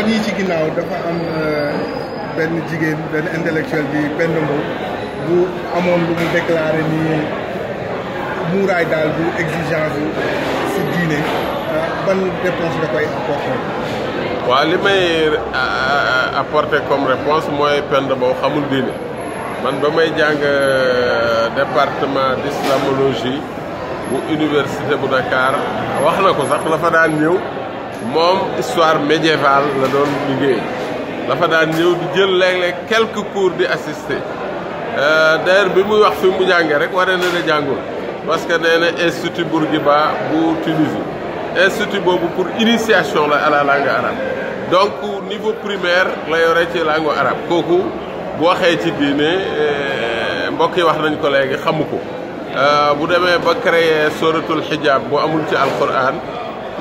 fan ci ginnaaw dafa am euh, benn jigéen benn intellectuel bi benn mot bu amoon lu mu déclaré ni muuraay daal bu exigence bu si diine euh, ban réponse da koy apporté. Euh, comme réponse mooy pend boo xamul diine man ba may jàng département d'islamologie bu université bu Dakar wax na ko sax la fa daan ñëw. moom histoire médiévale la doon la fa daan ñëw di jël lég lég quelques cours di assister euh d'ailleurs bi muy wax fi mu jàngé rek waré na la jàngul parce que néna institut Bourguiba bu Tunisie institut bobu pour initiation la à la langue arabe donc niveau primaire la yoré ci langue arabe koku bu waxé ci diine euh, mbokk yi wax nañ ko légui xamuko euh bu démé ba créer suratul hijab bu amul ci alcorane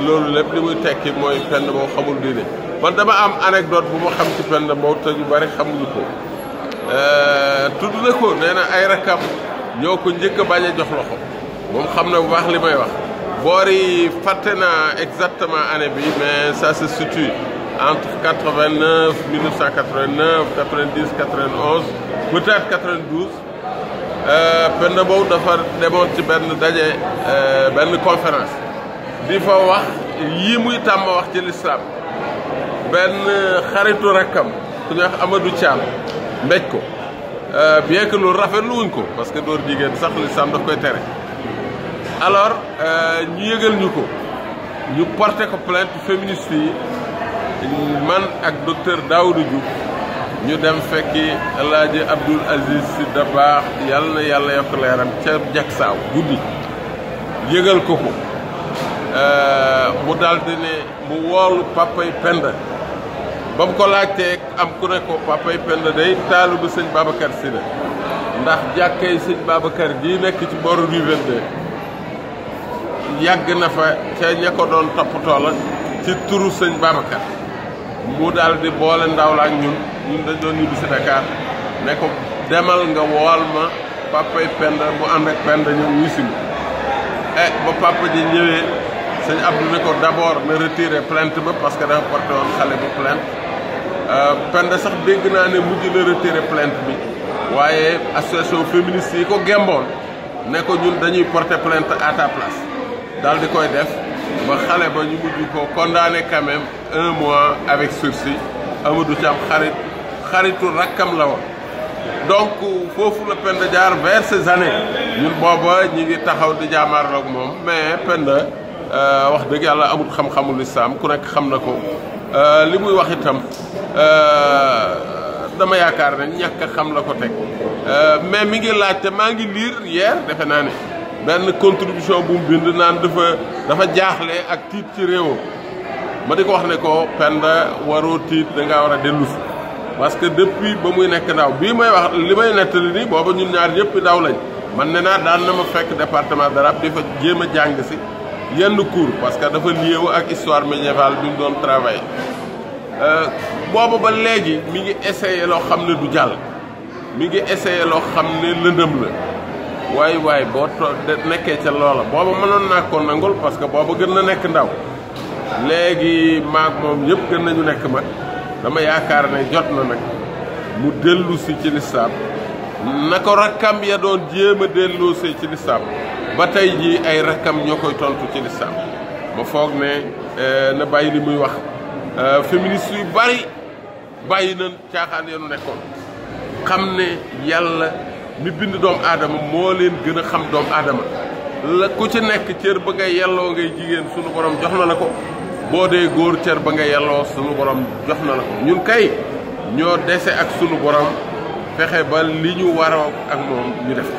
loolu lépp li muy tekki mooy pend moo xamul diine man dama am anecdote bu ma xam ci pend moo te ñu bari xamuñu ko tudd na ko nee na ay rakam ñoo ko njëkk a bañ a jox loxo moom xam na bu baax li may wax boori fàtte naa exactement année bi mais ça se situe entre 89 1989 90 91 peut-être 92 Penda boobu dafa demoon ci benn daje benn conférence di fa wax yii muy tàmm wax ci lislaam benn xaritu rekkam ku ñuy wax Amadou Thiam mbéj ko euh, bien que lu rafetlu wuñ ko parce que dóor jigéen sax lislaam daf koy tere alors euh, ñu yëgal ñu ko ñu porté ko plainte féministe yi man ak docteur Daoudou Diouf ñu dem fekki El Hadj Abdoul Aziz Sy Dabakh yàlla na yàlla yokk leeram ca jak saaw guddi yëgal ko ko daldi di ne mu woolu papay Penda ba mu ko laajtee am ku ne ko papay Penda day taalu bu sëñ Babacar si la ndax jàkkee sëñ Babacar jii nekk ci boru Rue 22 yàgg na fa ca ña ko doon toppatoo la ci turu sëñ Babacar mu daal di boole ndaw la ak ñun ñun da doon ñibbi si Dakar ne ko demal nga wool ma papay Penda mu ànd Penda ñëw wuyu si ma eh, ba papa ji ñëwee. sëñ Abdou ne d'abord me retirer plainte ba parce que dafa porté woon xale bu plainte euh, pende sax dégg naa ne mujj le retirer plainte bi wayé association féministe yi ko gembol né ko ñun dañuy porter plainte à ta place dal di koy def ba xalé ba ñu mujj ko condamné quand même un mois avec sursis Amadou ci am xarit xaritu rakam la won donc fofu la pende jaar vers ces années ñun booba ñi ngi taxaw di jaamaarloog mom mais pende Euh, wax dëgg yàlla amul xam-xamul lislaam ku nekk xam na ko euh, li muy wax itam euh, dama yaakaar ne ñàkk xam la ko teg mais mi ngi laaj te maa ngi lire hier defe naa ne benn contribution bu mu bind naan dafa dafa jaaxle ak tiit ci réewam ma di ko wax ne ko Penda waroo tiit da ngaa war a dellu si parce que depuis ba muy nekk ndaw bii may wax li may nettali nii booba ñun ñaar ñëpp ndaw lañ man ne naa daan na ma fekk département d'arabe di fa jéem a jàng si yenn cours parce que dafa lié wu ak histoire médiévale bi mu doon travail euh, booba ba léegi mi ngi essayé loo xam ne du jàll mi ngi essayé loo xam ne lëndëm la waaye waaye boo nekkee ca loola booba mënoon naa ko nangul parce que booba gën a nekk ndaw léegi maag moom yëpp gën nañu nekk ma dama yaakaar ne jot na nag mu dellu si ci lislaam na ko rakkam ya doon jéem a delloosee ci lislaam ba tey jii ay rakkam ñoo koy tontu ci lislaam ma foog ne eh, na bàyyi li muy wax eh, féministe yu bari bàyyi na caaxaan yenu nekkoon xam ne yàlla mi bind doomu aadama moo leen gën xam doomu aadama la ku ci nekk cër ba nga yelloo ngay jigéen sunu borom jox na la ko boo dee góor cër ba nga yelloo sunu borom jox na la ko ñun kay ñoo dese ak sunu borom pexe ba li ñu waroo ak moom ñu def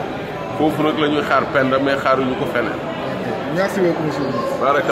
foofu nag la ñuy xaar Penda mais ko feneen. merci beaucoup monsieur